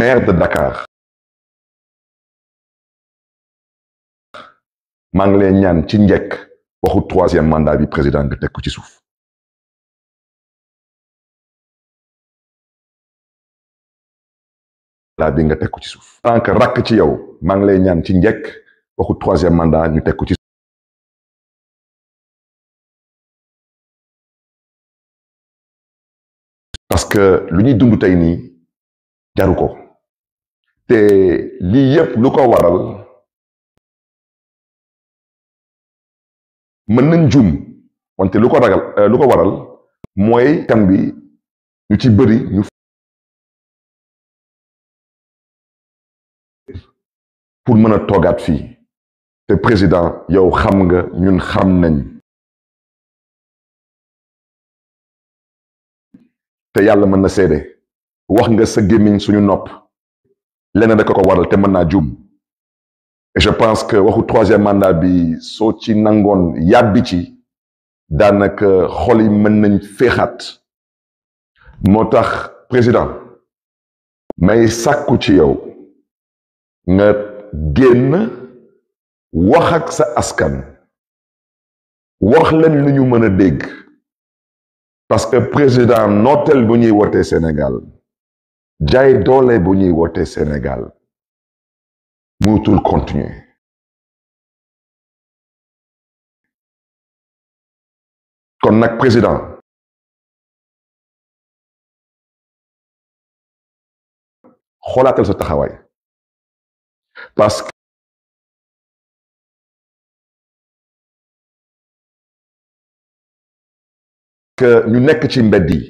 maire de Dakar maa ngi lay ñaan ci njëkk waxu troisième mandat bi président nga teg ci suuf laa bi nga ci yow maa ngi lay ñaan ci njëkk waxu troisième mandat ñu teg ko ci parce que lu ñuy dund tey nii jaru ko te lii yépp lu ko waral mën nañ juum wante lu ko ragal euh, lu ko waral mooy kan bi ñu ci bëri ñu pour mën a toogaat fii te président yow xam nga ñun xam nañ te yàlla mën na seede wax nga sa gémmiñ suñu nopp leneen rek ko waral te mën naa juum je pense que waxu troisième mandat bi soo ci nangoon yàbbi ci daanaka xol mën nañ féexaat moo tax président may sàkku ci yow nga génn wax ak sa askan wax leen lu ñu mën a dégg parce que président nooteel bu ñuy wootee Sénégal jaay doole bu ñuy woote Sénégal mënatul continuer kon nag président xoolaatal sa taxawaay parce que ñu nekk ci mbedd yi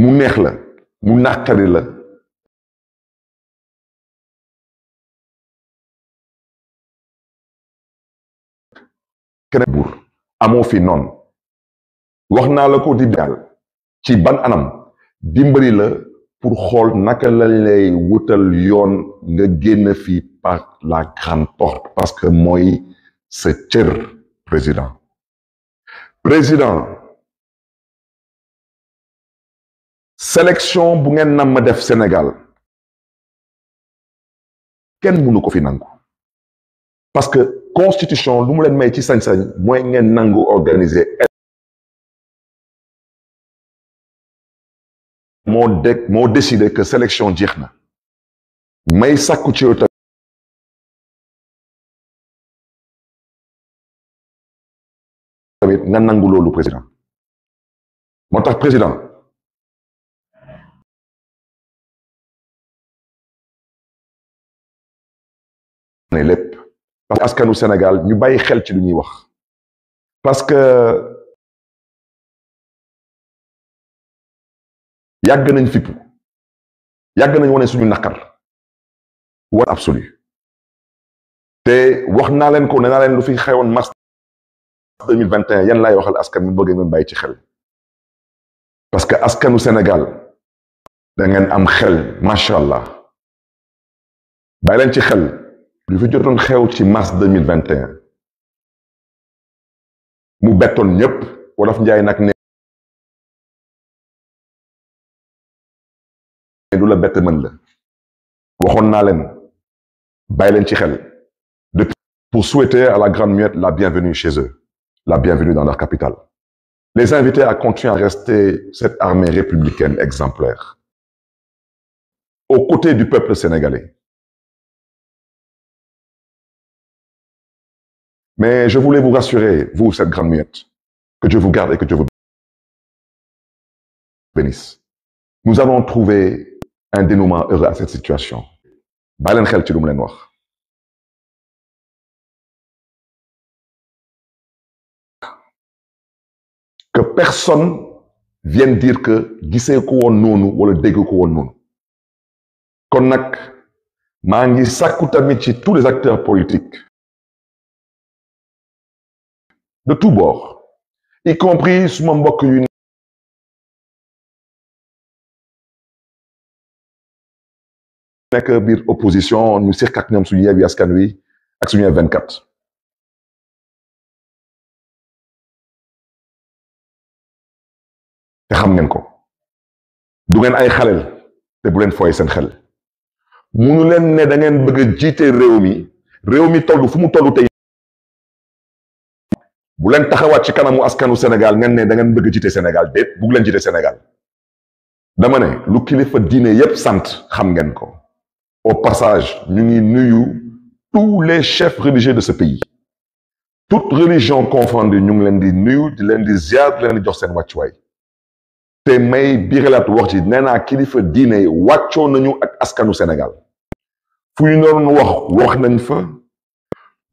mu neex la mu naqari la keneen buur amoo fi noon wax naa la ko di daal ci ban anam dimbali la pour xool naka la lay wutal yoon nga génn fi par la grande porte parce que mooy sa cër président président sélection bu ngeen nam ma def Sénégal kenn mënu ko fi nangu parce que constitution lu mu leen may ci sañ-sañ mooy ngeen nangu organiser moo décidé que sélection jeex na may sàkku ci yow tamit tamit nga nangu loolu président moo tax président ne lépp askanu Sénégal ñu bàyyi xel ci lu ñuy wax parce que yàgg nañ fippu yàgg nañ wane suñu naqar wan absolu te wax naa leen ko ne naa leen lu fi xewoon mars 2021 yan laay waxal askan mi bëgg ngeen bàyyi ci xel parce que askanu Sénégal da ngeen am xel macha allah bàyyi leen ci xel. li fi jotoon xew ci mars deux mille vingt et un mu bettoon ñépp wolof njaay nag ne du la bett mën la waxoon naa leen bàyyi leen ci xel depuis pour souhaiter à la Grande Muette la bienvenue chez eux la bienvenue dans leur capitale les inviter à continuer à rester cette armée républicaine exemplaire aux côtés du peuple sénégalais Mais je voulais vous rassurer, vous, cette grande muette, que Dieu vous garde et que Dieu vous bénisse. Nous avons trouvé un dénouement heureux à cette situation. xel ci lu mu leen wax. Que personne vienne dire que gisee ko woon noonu wala dégg ko woon noonu. kon nag maa ngi sàkku tamit ci tous les acteurs politiques de tous bords y compris suma mbokk yu nekk biir opposition ñu seq ak ñoom suñu Yewwi Askan Wi ak suñu F24 te xam ngeen ko du ngeen ay xalel te bu leen fooy seen xel mu munu leen ne da ngeen bëgg a jiite réew mi réew mi toll fu mu toll tey bu leen taxawaat ci kanamu askanu Sénégal ngeen ne da ngeen bëgg jiite Sénégal déet bugg leen jiite Sénégal dama ne lu kilifa diine yépp sant xam ngeen ko au passage ñu ngi nuyu tous les chefs religieux de ce pays toute religion confondue ñu ngi leen di nuyu di leen di ziar leen di jox seen wàccuwaay te may biiralaat wax ci nee naa kilifa diine yi wàccoo nañu ak askanu Sénégal fu ñu naroon wax wax nañ fa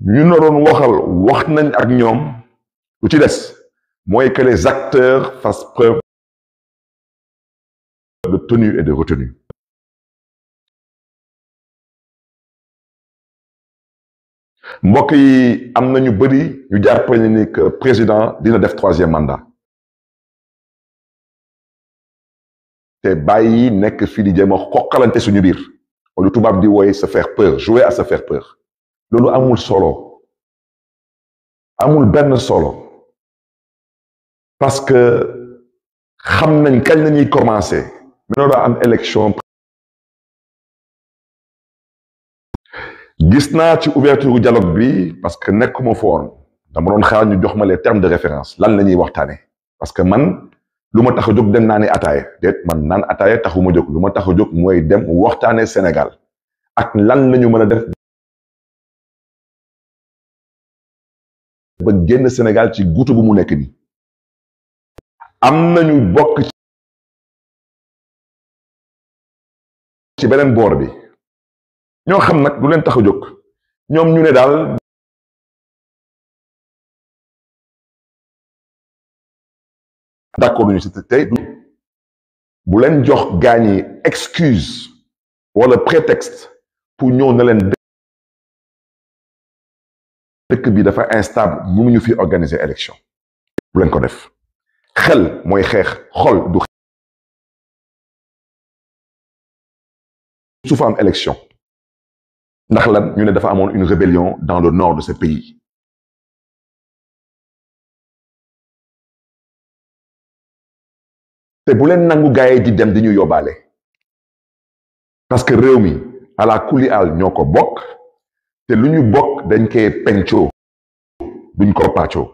ñu naroon waxal wax nañ ak ñoom lu ci des mooy que les acteurs fassent preuve de tenue et de retenue mbokk yi am na ñu bëri ñu jàpp ne ni que président dina def troisième mandat te bàyyi nekk fii di jéem a xoqalante suñu biir lu tubaab di wooye se faire peur jouer à se faire peur loolu amul solo amul benn solo parce que xam nañ kañ la ñuy commencé mënoo am élection gis naa ci ouverture du dialogue bi parce que ma foon dama doon xaar ñu jox ma les termes de référence lan la ñuy waxtaane parce que man lu ma tax a jóg dem naa ne ataaya déet man naan ataaya taxu ma jóg lu ma tax a jóg mooy dem waxtaane Sénégal ak lan la ñu mën a def ba génn Sénégal ci guutu bu mu nekk nii am nañu bokk ci beneen boor bi ñoo xam nag lu leen tax a jóg ñoom ñu ne daal d'accord ñu si tey bu leen jox gaañi excuse wala prétexte pour ñëw na leen dëkk bi dafa instable mënuñu fi organiser élection bu leen ko def xel mooy xeex xol du su fa am élection ndax la ñu ne dafa amoon une rébellion dans le nord de ce pays te bu leen nangu gaay di dem di ñu yóbbaale parce que réew mi ala kuli al ñoo ko bokk te lu ñu bokk dañ koy pencoo duñ ko pàccoo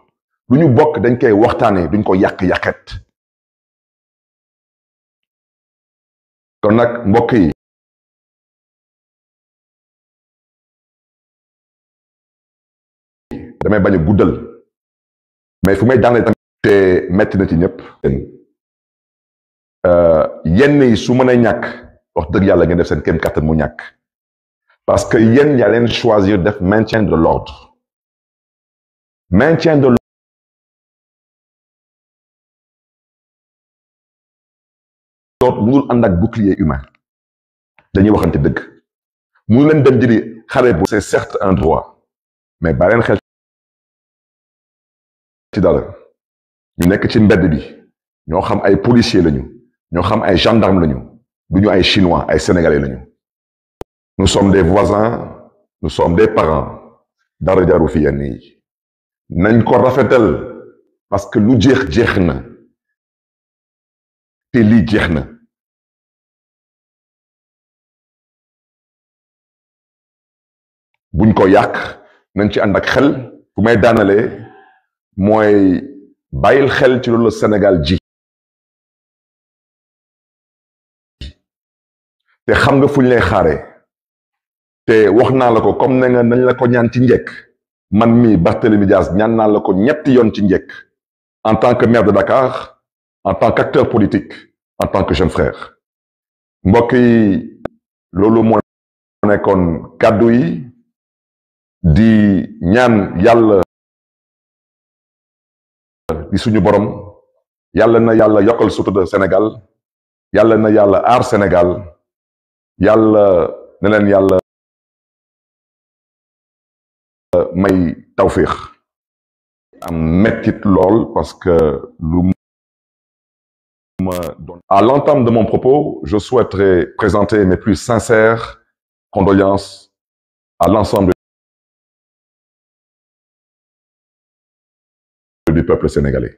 lu ñu bokk dañ koy waxtaanee duñ ko yàq-yàqet kon nag mbokk yi damay bañ a guddal mais fu may daanee tamit te metti na ci ñëpp euh, yenn yi su ñàkk wax dëgg yàlla ngeen def seen kéem kàttan mu ñàkk parce que yéen yaa leen choisir def maintien de l'ordre sorte munul ànd ak bouclier humain dañuy waxante dëgg munu leen dem jëli xare bu c'est certes un droit mais baa leen xel ci dara ñu nekk ci mbedd bi ñoo xam ay policier lañu ñoo xam ay gendarme lañu du ñu ay chinois ay sénégalais lañu nous sommes des voisins nous sommes des parents dara jaru fi yenn yi nañ ko rafetal parce que lu jeex jeex na te lii jeex na buñ ko yàq nañ ci ànd ak xel fu may daanalee mooy bàyyil xel ci loolu Sénégal ji te xam nga fuñ lay xaare te wax naa la ko comme ne nga nañ la ko ñaan ci njëkk man mii Barthélémy Dias ñaan naa la ko ñetti yoon ci njëkk en tant que maire de Dakar en tant qu'acteur politique en tant que jeune frère mbokk yi loolu moo nekkoon kàddu yi di ñaan yàlla di suñu borom yàlla na yàlla yokkal sutura Sénégal yàlla na yàlla aar Sénégal yàlla ne leen yàlla may tawféex am mettit lool parce que lu ma doon à l'entame de mon propos je souhaiterais présenter mes plus sincères condoléances à l'ensemble du peuple sénégalais.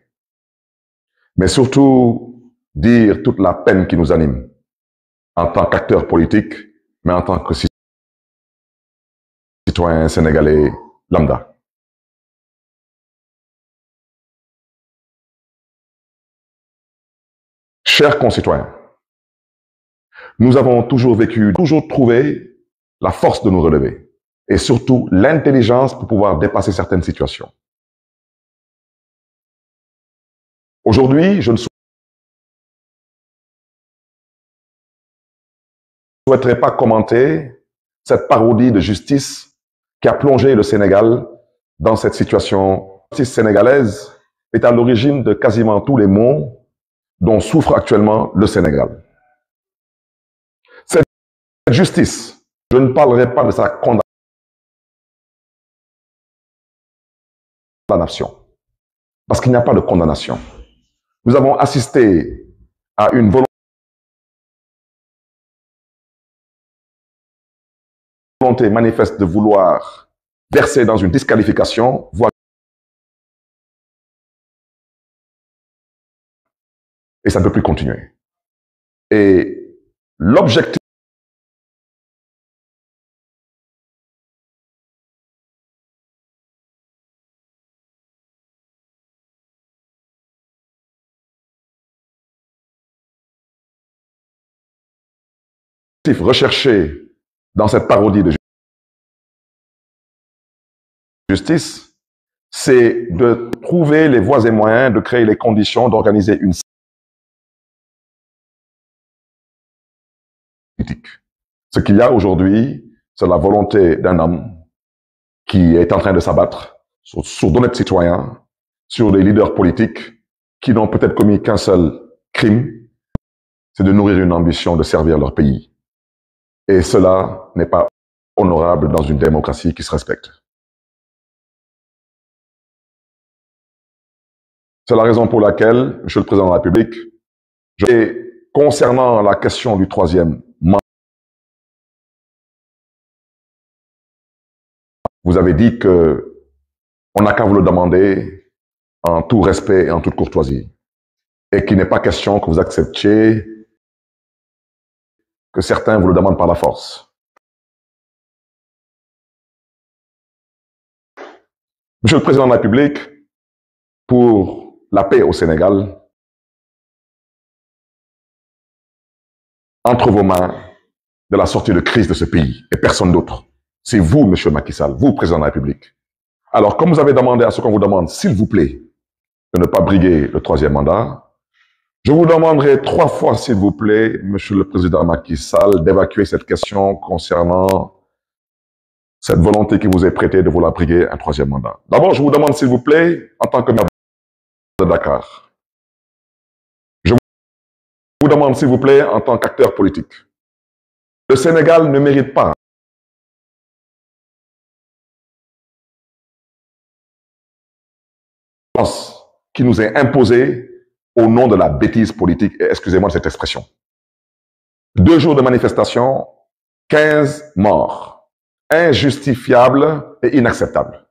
Mais surtout, dire toute la peine qui nous anime en tant qu'acteur politique, mais en tant que citoyen sénégalais lambda. Chers concitoyens, nous avons toujours vécu, toujours trouvé la force de nous relever et surtout l'intelligence pour pouvoir dépasser certaines situations. Aujourd'hui, je ne souhaiterais pas commenter cette parodie de justice qui a plongé le Sénégal dans cette situation. sénégalaise est à l'origine de quasiment tous les maux dont souffre actuellement le Sénégal. Cette justice, je ne parlerai pas de sa condamnation parce qu'il n'y a pas de condamnation. Nous avons assisté à une volonté manifeste de vouloir verser dans une disqualification, et ça ne peut plus continuer. Et l'objectif l'objectif recherché dans de justice, c'est de trouver les voies et moyens de créer les conditions d'organiser une Ce qu'il y a aujourd'hui, c'est la volonté d'un homme qui est en train de s'abattre sur, sur d'honnêtes citoyens, sur des leaders politiques qui n'ont peut-être commis qu'un seul crime, c'est de nourrir une ambition de servir leur pays. Et cela n'est pas honorable dans une démocratie qui se respecte. C'est la raison pour laquelle, Monsieur le Président de la République, je, concernant la question du troisième mandat, vous avez dit que on n'a qu'à vous le demander en tout respect et en toute courtoisie, et qu'il n'est pas question que vous acceptiez que certains vous le demandent par la force. Monsieur le Président de la République, pour la paix au Sénégal, entre vos mains de la sortie de crise de ce pays et personne d'autre. C'est vous, Monsieur Macky Sall, vous, Président de la République. Alors, comme vous avez demandé à ce qu'on vous demande, s'il vous plaît, de ne pas briguer le troisième mandat, Je vous demanderai trois fois, s'il vous plaît, Monsieur le Président Macky Sall, d'évacuer cette question concernant cette volonté qui vous est prêtée de vouloir briguer un troisième mandat. D'abord, je vous demande, s'il vous plaît, en tant que maire politique, le Sénégal ne mérite pas qui nous est imposée au nom de la bêtise politique, et excusez-moi de cette expression. Deux jours de manifestation, 15 morts, injustifiables et inacceptables.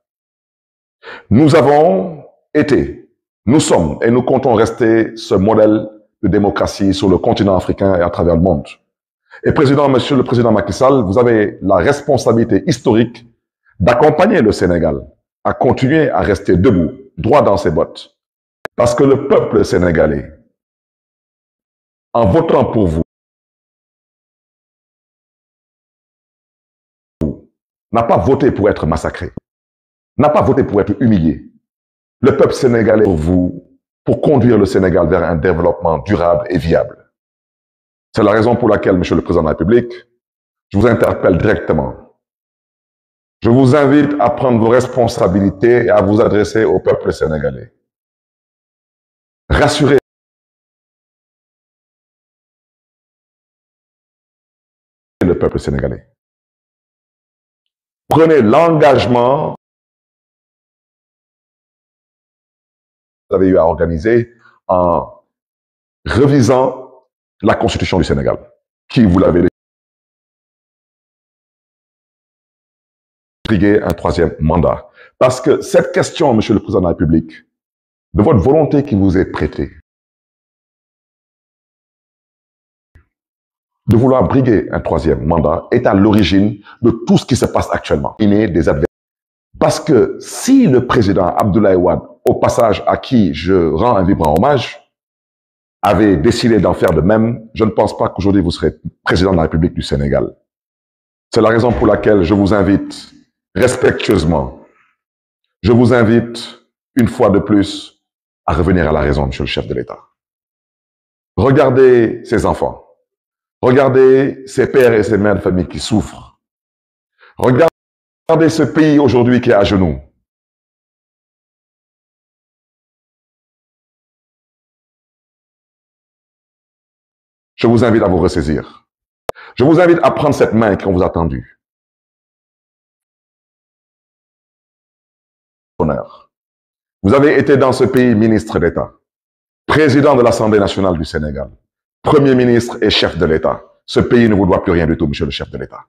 Nous avons été, nous sommes et nous comptons rester ce modèle de démocratie sur le continent africain et à travers le monde. Et monsieur le président Macky vous avez la responsabilité historique d'accompagner le Sénégal à continuer à rester debout, droit dans ses bottes, Parce que le peuple sénégalais, en votant pour vous, n'a pas voté pour être massacré, n'a pas voté pour être humilié. Le peuple sénégalais pour vous, pour conduire le Sénégal vers un développement durable et viable. C'est la raison pour laquelle, Monsieur le Président de la République, je vous interpelle directement. Je vous invite à prendre vos responsabilités à vous adresser au peuple sénégalais. rassurez le peuple sénégalais. Prenez l'engagement que vous avez eu à organiser en revisant la constitution du Sénégal, qui, vous l'avez intrigué un troisième mandat. Parce que cette question, Monsieur le Président de la République, de vouloir briguer un troisième mandat est à l'origine de tout ce qui se passe actuellement. Parce que si le président Abdoulaye Wade, au passage à qui je rends un vibrant hommage, avait décidé d'en faire de même, je ne pense pas qu'aujourd'hui vous serez président de la République du Sénégal. C'est la raison pour laquelle je vous invite respectueusement, je vous invite une fois de plus à revenir à la raison, monsieur le chef de l'État. Regardez ces enfants. Regardez ces pères et ces mères de famille qui souffrent. Regardez ce pays aujourd'hui qui est à genoux. Je vous invite à vous ressaisir. Je vous invite à prendre cette main qu'on vous a tendue. Vous avez été dans ce pays ministre d'État, président de l'Assemblée nationale du Sénégal, premier ministre et chef de l'État. Ce pays ne vous doit plus rien du tout, monsieur le chef de l'État.